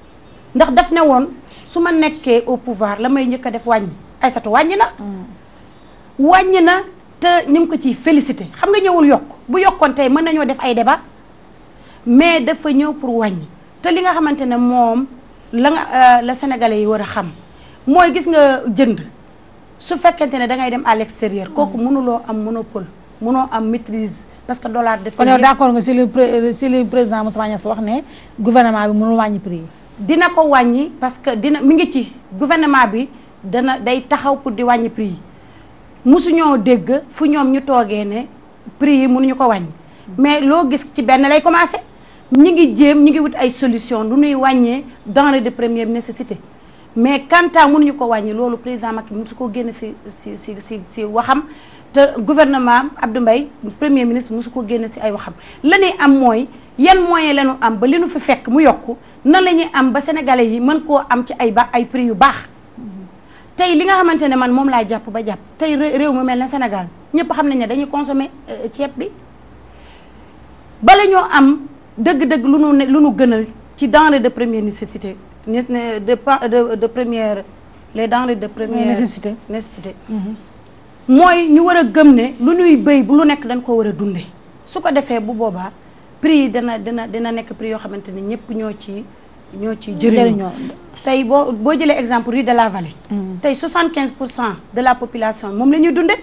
Speaker 2: ndax daf ne woon su ma nekkee au pouvoir la may njëkk a def wàññi Aïssatou wàññi na. Mm. wàññi na te ñu ngi ko ciy félicité xam nga ñëwul yokk bu yokkoon tey mën nañoo def ay débat mais dafa ñëw pour wàññi te li nga xamante ne moom la nga euh, la sénégalais yi war a xam mooy gis nga jënd su fekkente ne dangay dem à l'extérieur kooku munuloo mm. am monopole mënoo am maîtrise parce que dollar def kon yow d'accord nga si li euh, président Moussa Niass wax ne gouvernement bi mënul wàññi prix yi dina ko wàññi parce que dina mi ngi ci gouvernement bi dana day taxaw pour di wàññi prix yi mosuñoo dégg fu ñoom ñu toogee ne prix yi mënuñu ko wàññi mais loo gis ci benn lay commencé ñi ngi jéem ñi ngi wut ay solution lu ñuy wàññee denrée de première nécessité mais quant à ko wàññi loolu président Macky mosu ko génne si si si si si waxam te gouvernement Abdou mbay premier ministre mosu ko génne si ay waxam la ñuy am mooy yan moyen lañu am ba li nu fi fekk mu yokku nan la ñuy am ba sénégalais yi mën koo am ci ay ba ay prix yu baax tey li nga xamante ne man moom laa jàpp ba jàpp tey réew mu mel na Sénégal ñëpp xam nañ ne dañuy consommer euh, ceeb bi bala ñoo am dëgg-dëgg lu nu lu nu gënal ci denrée de première nécessité de de de première les denrées de première nécessité nécessité mm-hmm. mooy ñu war a gëm ne lu ñuy béy bu lu nekk dañ koo war a dundee su ko defee bu boobaa pris yi dana dina dina nekk prix yoo xamante ne ñëpp ñoo ci ñoo ci jëriñoo tey boo boo jëlee exemple rue de la vallée mm. tey soixante quinze pour cent de la population moom la ñuy dunde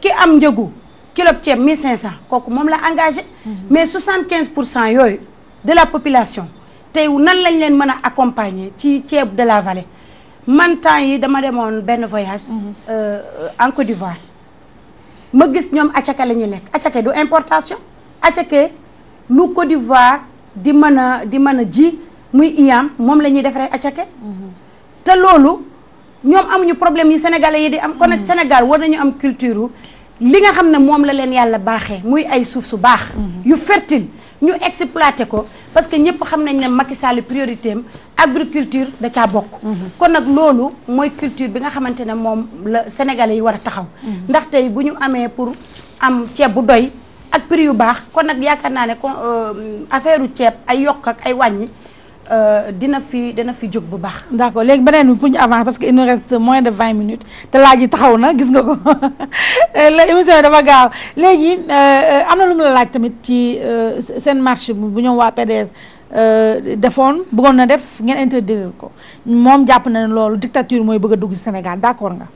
Speaker 2: ki am njëgu kilo ceeb mille cinq cent kooku moom la engagé mm-hmm. mais soixante quinze pour cent yooyu de la population tey nan lañ leen mën a accompagner ci ceeb de la vallée man temps yi dama demoon benn voyage mm-hmm. euh, en Côte d'Ivoire ma gis ñoom acake la ñuy lekk acake du importation acake lu Côte d'Ivoire di mën a di mën a ji muy IAM moom la ñuy defaree acake te loolu ñoom amuñu problème yi sénégalais yi di am kon mm. Sénégal war nañu am culture li nga xam ne moom la leen yàlla baaxee muy ay suuf su baax mm-hmm. yu fertile ñu exploité ko parce que ñëpp xam nañ ne Macky Sall priorité am agriculture da caa bokk mm-hmm. kon nag loolu mooy culture bi nga xamante ne moom la sénégalais yi war a taxaw mm-hmm. ndax tey bu ñu amee pour am ceeb bu doy ak pris yu baax kon nag yaakaar naa ne kon euh, affaire u ceeb ay yokk ak ay wàññi euh, dina fi dina fi jóg bu baax. d' léegi beneen bi pour ñu avancer parce que il nous reste
Speaker 1: moins de vingt minutes te laaj yi taxaw na gis nga ko émission bi léegi euh, am na lu mu la laaj tamit ci seen marché bu ñoom waa PDS defoon buggoon na def ngeen interdire ko moom jàpp na ne loolu dictature mooy bëgg a dugg
Speaker 2: Sénégal d' accord nga.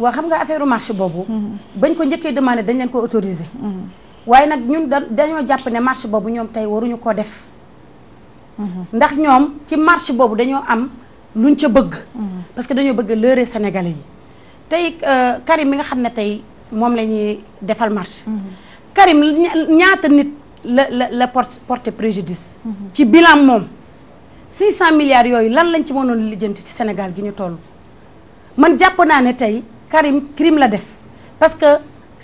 Speaker 2: waa xam nga affaire marché boobu. Mhm. bañ ko njëkkee demandé dañ leen ko autorisé. Mhm. waaye nag ñun dañoo jàpp ne marche boobu ñoom tey waruñu ko def ndax ñoom ci marche boobu dañoo am luñ ca bëgg parce que dañoo bëgg leurrer sénégalais yi tey euh, Karim mi nga xam ne tey moom la ñuy defal marche Karim ñaata nit la la la porte préjudice ci bilan moom 600 milliards yooyu lan lañ ci mënoon lijjanti ci Sénégal gi ñu toll man jàpp naa ne tey Karim crime la def parce que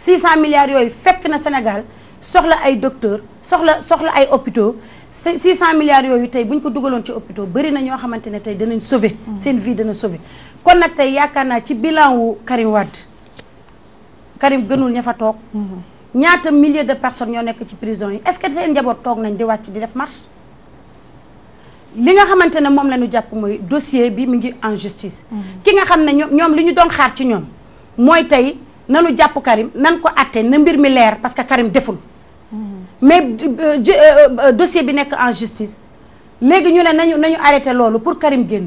Speaker 2: 600 milliards yooyu fekk na Sénégal soxla ay docteurs soxla soxla ay hôpitaux 600 milliards yooyu tey bu ko dugaloon ci hôpitaux bëri na ñoo xamante ne tey danañ sauver. Mm. seen vie dana sauver kon nag tey yaakaar naa ci bilan wu Karim Wade Karim gënul ña fa toog. Mm-hmm. ñaata milliers de personnes ñoo nekk ci prison yi ce que seen njaboot toog nañ di wàcc di def marche. li nga xamante ne moom la ñu jàpp mooy dossier bi mu ngi en justice. Mm-hmm. ki nga xam ne ñoom li ñu doon xaar ci ñoom mooy tey. nanu jàpp Karim nan ko atte na mbir mi leer parce que Karim deful mais euh, euh, euh, dossier bi nekk en justice léegi ñu ne nañu nañu arrêté loolu pour Karim génn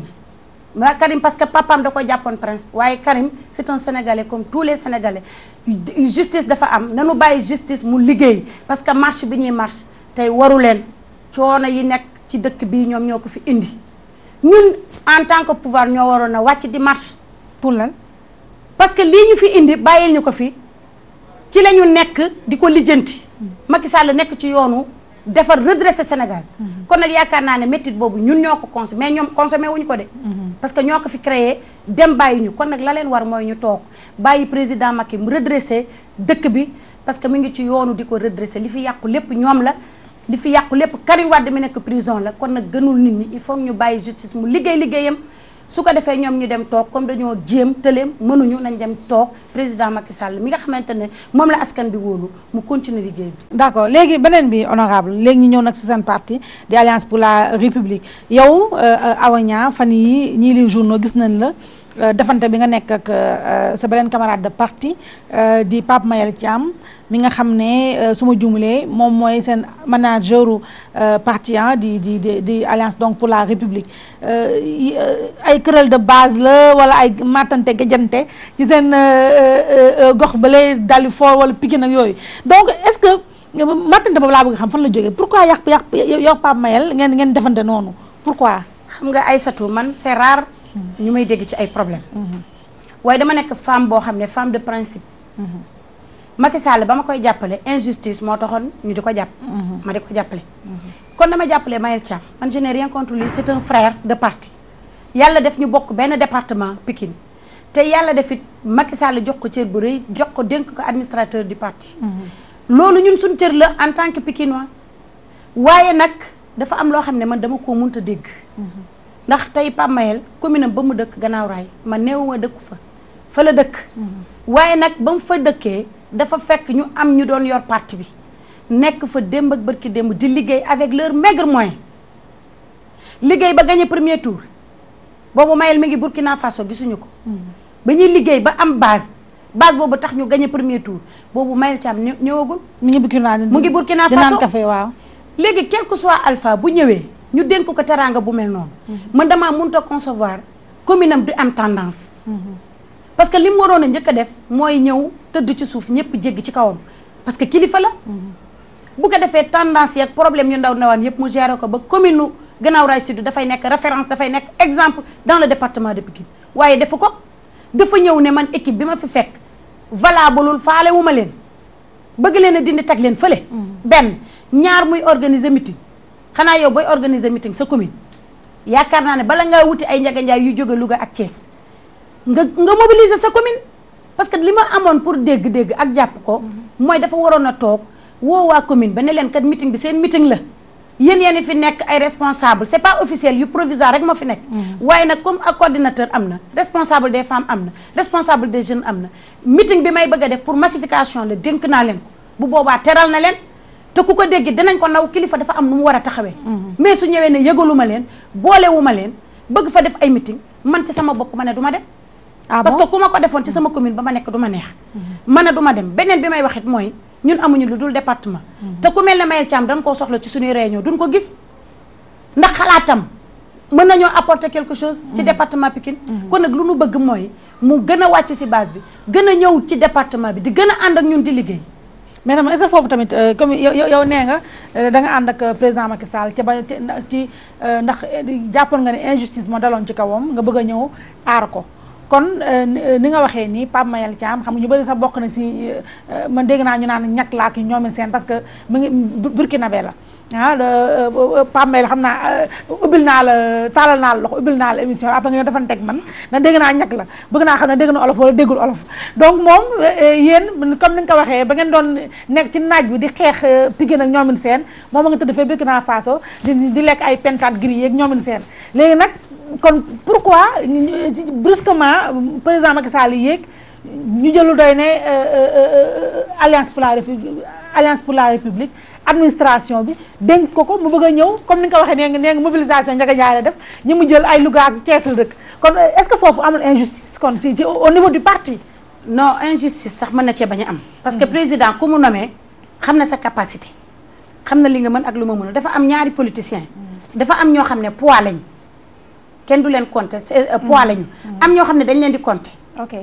Speaker 2: ma Karim parce que papam da ko jàppoon prince waaye Karim c'est un sénégalais comme tous les sénégalais justice dafa am nanu bàyyi justice mu liggéey parce que marche bi ñuy marche tey waru leen coono yi nekk ci dëkk bii ñoom ñoo ko fi indi ñun en tant que pouvoir ñoo waroon a wàcc di marche pour lan parce que lii ñu fi indi bàyyil ñu ko fi ci la ñu nekk di ko lijjanti Macky Sall nekk ci yoonu defar redresser Sénégal mm-hmm. kon nag yaakaar naa ne métit boobu ñun ñoo ko consommé mais ñoom consommé wuñu ko de mm-hmm. parce que ñoo ko fi créé dem bàyyi ñu kon nag la leen war mooy ñu toog bàyyi président Macky mu redresser dëkk bi parce que mu ngi ci yoonu di ko redresser li fi yàqu lépp ñoom la li fi yàqu lépp Karim Wade mi nekk prison la kon nag gënul nit ñi il faut ñu bàyyi justice mu liggéey liggéeyam su ko defee ñoom ñu dem toog comme dañoo jéem tëleem mënuñu nañ dem toog président Macky Sall mi nga xamante ne moom la askan bi wóolu mu continuer liggéey bi.
Speaker 1: d'accord léegi beneen bi honorable léegi ñu ñëw nag si seen parti di alliance pour la république yow euh, euh, Awa Niang fan yi ñii li journaux gis nañ la. Euh, defante bi nga nekk ak euh, sa beneen camarade de parti euh, di Pape Mayel Thiam mi nga xam ne suma ma moom mooy seen manageru parti ah, di di di di alliance donc pour la république ay querelle de base la wala ay matante gëjante ci seen gox bële dali fort wala Pikine ak yooyu donc est-ce que matante boobu laa bëgg xam fan la jógee pourquoi yàq yàq yow Pape Mayel ngeen ngeen
Speaker 2: defante noonu pourquoi. xam nga ay Aïssatou man c'est rare. ñu may dégg ci ay problème waaye dama nekk femme boo xam ne femme de principe Macky Sall ba ma koy jàppale injustice moo taxoon ñu di ko jàpp ma di ko jàppale kon dama jàppale Mayel Thiam man je n'ai rien contre lui un frère de parti yàlla def ñu bokk benn département Pikine te yàlla def it Macky Sall jox ko cër bu rëy jox ko dénk ko administrateur du parti loolu ñun suñ cër la en tant que Pikinois waaye nag dafa am loo xam ne man dama koo mënta dégg ndax tey Pape Mayel commune am ba mu dëkk gannaaw raay ma neewuma dëkku fa fa la dëkk mhm. waaye nag ba mu fa dëkkee dafa fekk ñu am ñu doon yor parti bi nekk fa démb ak bërki démb di liggéey avec leur maigre moyen liggéey ba gagné premier tour boobu Mayel mi ngi Burkina façon gisuñu ko mhm. ba ñuy liggéey ba am base base boobu tax ñu gagné premier tour boobu Mayel Thiam ñëwagul mu ngi Burkina Faso mu ngi Burkina Faso waaw léegi quel que soit alpha bu ñëwee ñu dénk ko teraanga bu mel noonu. man damaa mënut a concevoir commune am du am tendance. parce que li mu waroon a njëkk a def mooy ñëw tëdd ci suuf ñëpp jéggi ci kawam parce que kilifa la. bu ko defee tendance yeeg problème yu ndaw ndawaan yëpp mu géré ko ba commune nu Guinaw Rail Sud dafay nekk référence dafay nekk exemple dans le département de Pikine waaye defu ko dafa ñëw ne man équipe bi ma fi fekk valableul faale wu ma leen bëgg leen a dindi teg leen fële. Mm-hmm. benn ñaar muy organiser meeting. xanaa yow booy organiser meeting sa commune yaakaar naa ne bala ngaa wuti ay njaganjaay yu jóge Louga ak Thiès nga nga mobiliser sa commune parce que li ma amoon pour dégg-dégg ak jàpp ko mhm. mooy dafa waroon a toog woo waa commune ba ne leen kat meeting bi seen meeting la yéen yéen fi nekk ay responsable c'est pas officiel yu provisoire rek moo fi nekk mhm. waaye nag comme ak coordinateur am na responsable des femmes am na responsable des jeune am na meeting bi may bëgg def pour massification la dénk naa leen ko bu teral na leen te ku ko dégg dinañ ko naw kilifa dafa am nu mu war a taxawee. Mm-hmm. mais su ñëwee ne yëgalu ma leen boolewu ma leen bëgg fa def ay meeting man ci sama bopp ma ne du ma dem. Ah parce que ku ma ko defoon ci sama commune ba ma nekk du neex. Mm-hmm. ma ne du dem beneen bi may waxit mooy ñun amuñu lu dul département. Mm-hmm. te ku mel na Mayel Thiam dañ koo soxla ci suñuy réunion duñ ko gis ndax xalaatam. mën nañoo apporte quelque chose ci département Pikine kon nag lu nu bëgg mooy mu gën a wàcc si base bi gën a ñëw ci département bi di gën a ànd ak ñun di liggéey
Speaker 1: mais nag est-ce que foofu tamit euh, comme yow yow nee nga euh, danga ànd ak euh, président Macky Sall ca ba ci ndax jàppoon nga ne injustice moo daloon ci kawam nga bëgg a ñëw aar ko. kon euh, euh, ni nga waxee nii Pape Mayel Thiam xam nga ñu bëri sa bokk na si euh, man dégg naa ñu naan ñàkk laa ki ñoomi seen parce que mu ngi burkinabé la ah Pape xam naa ubbil naa la taalal naa la loxo ubbil naa la émission après nga defan teg man na dégg naa ñàkk la bëgg naa xam na dégg na olof wala déggul olof donc moom yéen comme ni nga ko waxee ba ngeen doon nekk ci naaj bi di xeex Pikine ak ñoomin seen moom a nga tëdd fee Burkina faaso di lekk ay pentaat gris yeeg ñoomin seen léegi nag kon pourquoi brusquement président Macky Sall yéeg ñu jëlu doy ne euh, euh, euh, alliance pour la république alliance pour la république administration bi dénk ko ko mu bëgg a ñëw comme ni nga ko waxee nee nga nee nga mobilisation njaga la def ñi mu jël ay Louga ak Thiès la dëkk kon est-ce que foofu amul injustice kon
Speaker 2: ci ci au niveau du parti. non injustice sax mën na cee bañ a am. parce que mm-hmm. président ku mu nommé xam na sa capacité xam na li nga mën ak lu ma mën dafa am ñaari politiciens. Mm-hmm. dafa ñoo xam ne poids lañ. kenn du leen compter euh, poids lañu. Mm-hmm. am ñoo xam ne dañ leen di compter.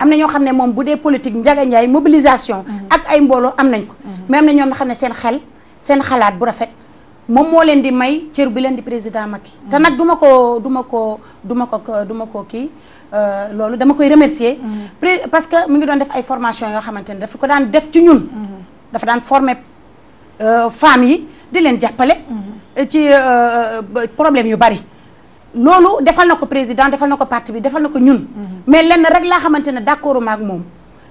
Speaker 2: am na ñoo xam ne moom bu dee politique njaga njaay mobilisation. Mm-hmm. ak ay mbooloo am nañ ko. Mm-hmm. mais am na ñoom xam ne seen xel seen xalaat bu rafet moom moo leen di may cër bi leen di président Macky. te nag duma ma ko du ma ko du ko du ko kii euh, loolu dama koy remercier. parce que mu ngi doon def ay formation yoo xamante ne dafa ko daan def ci ñun. dafa daan former euh, femmes yi di leen jàppale. ci problème yu bari. loolu defal na ko président defal na ko parti bi defal na ko ñun. Mhm. mais lenn rek laa xamante ne d'accord ma ak moom.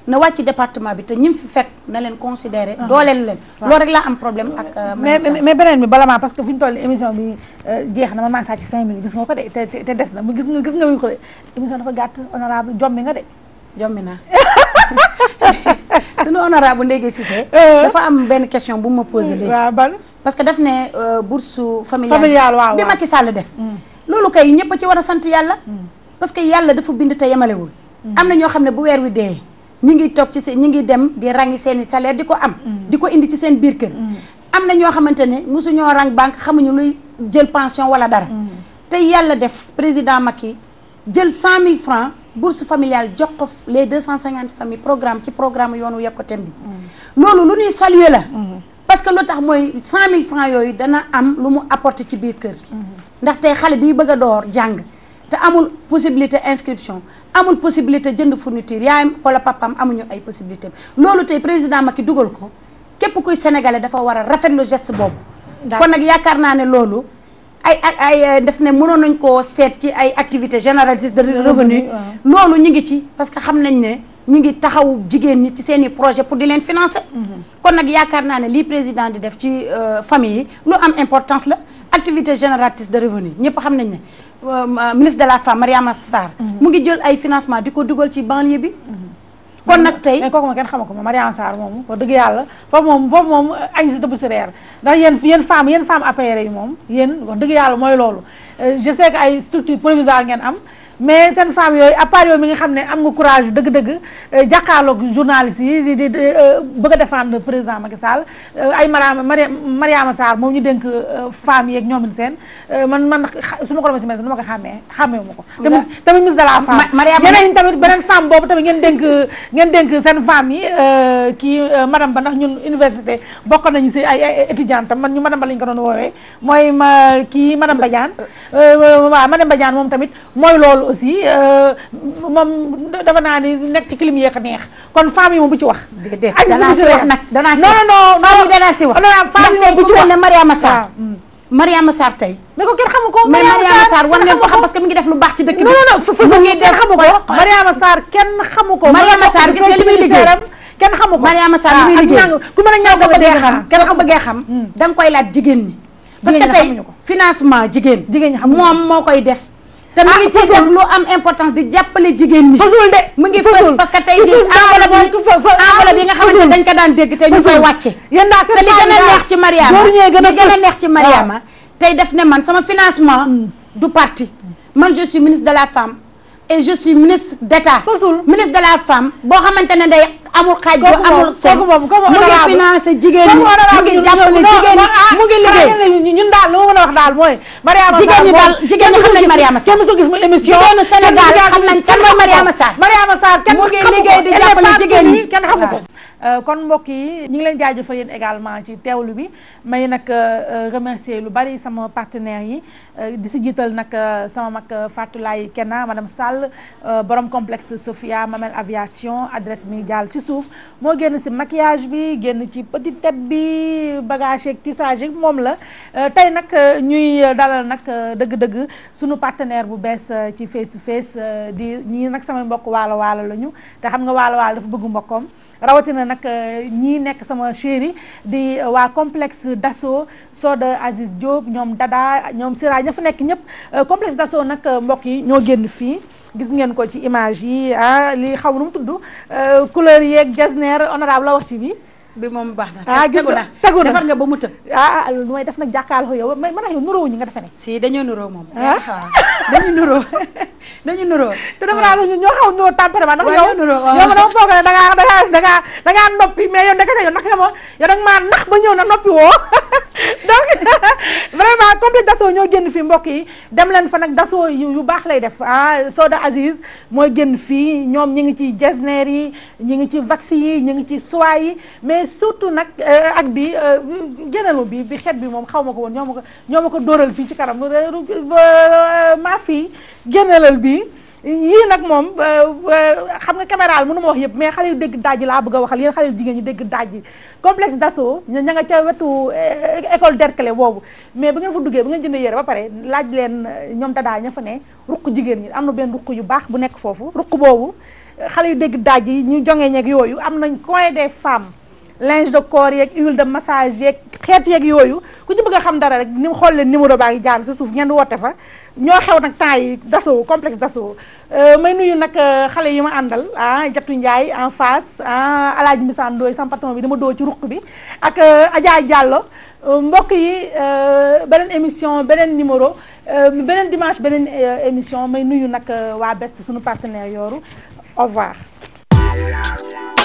Speaker 2: na wàcc département bi te ñim fi fekk na leen considéré ah. dooleel leen loolu rek laa am problème ak mais euh, mais
Speaker 1: beneen bi bala maa parce que fi ñu toll émission bi euh, jeex na ma maa sàcc cinq gis nga ko te te des na mu gis nga gis nga mu ko de émission dafa gàtt honorable jommi nga de
Speaker 2: jommi naa suñu honorable Ndeye Cissé euh. dafa am benn question bu ma posé léegi parce que daf ne bourse familiale bi Macky Sall def mm. loolu kay ñëpp ci war a sant yàlla mm. parce que yàlla dafa bind te yemalewul mm. am na ñoo xam ne bu weer wi dee ñi ngi toog ci seen ñi ngi dem di rangi seen i salaire di ko am mm. di ko indi ci seen biir kër am na ñoo xamante ne mosu ñoo rang banque xamuñu luy jël pension wala dara te yàlla def président Macky jël cent mille francs bourse familiale jox ko les deux cent cinquante familles programme ci programme yoonu Yokkuteem bi loolu lu ñuy saluer la parce que lu tax mooy cent mille francs yooyu dana am lu mu apporter ci biir kër gi ndax tey xale bi bëgg a door jàng te amul possibilité inscription amul possibilité jënd fourniture yaayam wala papaam amuñu ay possibilité loolu tey président Macky dugal ko képp kuy sénégale dafa war a rafetlu geste boobu
Speaker 3: kon nag yaakaar
Speaker 2: naa ne loolu ay ak ay def ne mënoon nañ koo seet ci ay activité généralises de revenu loolu ñu ngi ci parce que xam nañ ne ñu ngi taxawu jigéen ñi ci seen i projet pour di leen financé mhm. kon nag yaakaar naa ne lii président di def ci euh, famille yi lu am importance la activité génératrice de revenu ñëpp xam nañ ne euh, euh, ministre de la femme Mariama Sarr mhm. mu ngi jël ay financement di ko dugal ci banlieue bi kon nag tey mais kenn xama ko moom Mariama Sarr moomu wax dëgg yàlla foofu moom
Speaker 1: foofu moom añ si tëb si reer ndax yéen yéen femme yéen femme APR yi moom yéen wax dëgg yàlla mooy loolu euh, je sais que ay structure provisoire ngeen am mais seen femme yooyu à part yow mi nga xam ne am nga courage dëgg-dëgg euh, jàkkaarloog journaliste yi di di euh, bëgg a défendre président Macky Sall euh, ay Mariama Mariama Sarr moom ñu dénk femme yeeg ñoomin seen man man su ma ko doon si mel ma ko xàmmee ma ko. tamit tamit mise de la femme. yeneen tamit beneen femme boobu tamit ngeen ngeen dénk seen femme yi kii madame ba ndax ñun université bokk nañu si ay ay étudiante man ñu madame ba lañu ko doon woowee mooy ma kii madame Badiane waaw madame Badiane moom tamit mooy loolu. aussi euh, moom dafa
Speaker 2: naa ni nekk ci clim yeek neex kon femme yi moom bu ci wax. déedéet danaa si wax nag danaa si wax non non femme yi bu ci wax ne Mariama Sarr. Mariama Sarr tey. mais ko kenn xamu ko. Mariama Sarr war mi ngi def lu baax ci dëkk bi. non non mu ko. Mariama Sarr kenn xamu ko. Mariama Sarr gis nga li muy liggéey a hmm. koy laaj jigéen ñi. parce que tey financement jigéen. jigéen ñi xam moom moo koy def te mu ngi ah, ciy def lu am importance di jàppale jigéen ñi. fasul de mu ngi fës parce que tey jii enveloppe bi enveloppe yi nga xamante ne dañ ko daan dégg tey ñu koy wàcce. yéen daal te li gën a neex ci Mariama li gën a neex ci Mariama ah. tey def ne man sama financement mm. du parti man je suis ministre de la femme et je suis ministre d'État. ministre de la femme boo xamante ne day amul xaaj boo amul seen mu ngi financé jigéen ñi mu ngi jàppale jigéen ñi ah, mu ngi liggéey ñun daal lu ma mën a wax daal mooy Mariama Sarr jigéen ñi daal jigéen ñi xam nañ Mariama Sarr kenn musul gis mu émission jigéenu Sénégal xam nañ kan mooy Mariama Sarr Mariama Sarr kenn mu ngi liggéey di jàppale jigéen ñi kenn xamu ko
Speaker 1: Euh, kon mbokk yi ñu ngi leen jaajëfal yéen également ci teewlu bi may nag euh, euh, remercier lu bari sama partenaires yi di si jiital nag sama mag Fatoulaye Kenna madame Sall borom complexe Sophia Mamel aviation adresse mi jàll si suuf moo génn si maquillage bi génn ci petite tête bi bagage yeeg tissage yeeg moom la tey nag ñuy dalal nag dëgg-dëgg suñu partenaire bu bees ci face to face di ñii nag samay mbokk waalo waalo la ñu te xam nga waalo waalo dafa bëggu mbokkoom rawatina nag euh, ñii nekk sama chéri di euh, waa complexe Dassault de Aziz Diop ñoom dadaa ñoom Sira ña fa nekk ñëpp euh, complexe Dassault nag mbokk yi ñoo génn fii gis ngeen ko ci image yi ah li xaw nu mu tudd couleur yeeg jasner honorable la wax ci bi
Speaker 2: bi moom baax na ah gis nga
Speaker 1: tegu na defar nga ba mu tëb ah, ah lu may def nag jàkkaarloo yow ma ak yow nuróowuñu nga defe ne si dañoo nuróo moom ah. Ah, dañuy nuróo dañu nuroo te dafa naa ñu ñoo xaw nuroo tempérament ndax yow ma dama foog ne ñoo génn fii mbokk yi dem leen fa nag Dassault yu baax lay def ah Soda Aziz mooy génn fii ñoom ñi ngi ci jesner yi ñi ngi ci vaccin yi ñi ngi ci soie yi mais surtout nag euh, ak bi euh, génnalu bi bi xet bi moom xaw ma ko woon ñoo ma ko ñoo ma ko dóoral fii ci kanam euh, maa fii génnalal bi bii yii nag moom euh, xam nga caméra mënu ma wax yëpp mais xale yu dégg daaj laa bëgg a waxal yéen xale yu jigéen ñi dégg daaj complexe d'assaut ña nga ca wetu euh, école Derklé boobu mais ba ngeen fa duggee ba nga jëndee yére ba pare laaj leen euh, ñoom dadaa ña fa ne ruq jigéen ñi am na benn ruq yu baax bu nekk foofu ruq boobu xale yu dégg daaj yi ñu jongee ñeeg yooyu am nañ coin des femmes linge de corps yeeg huile de massage yeeg xeet yeeg yooyu ku ci bëgg a xam dara rek ni xool leen numéro baa ngi jaar si suuf ngeen woote fa ñoo xew nag temps yi Dassault complexe Dassault euh, may nuyu nag euh, xale yi ma àndal ah Jatu Ndiaye en face ah Alaaji Misaan Ndooy sama patron bi dama doo ci ruq bi ak euh, Adja Diallo mbokk yi beneen émission beneen numéro beneen dimanche beneen émission may nuyu nag waa Best suñu partenaire yooru au
Speaker 3: revoir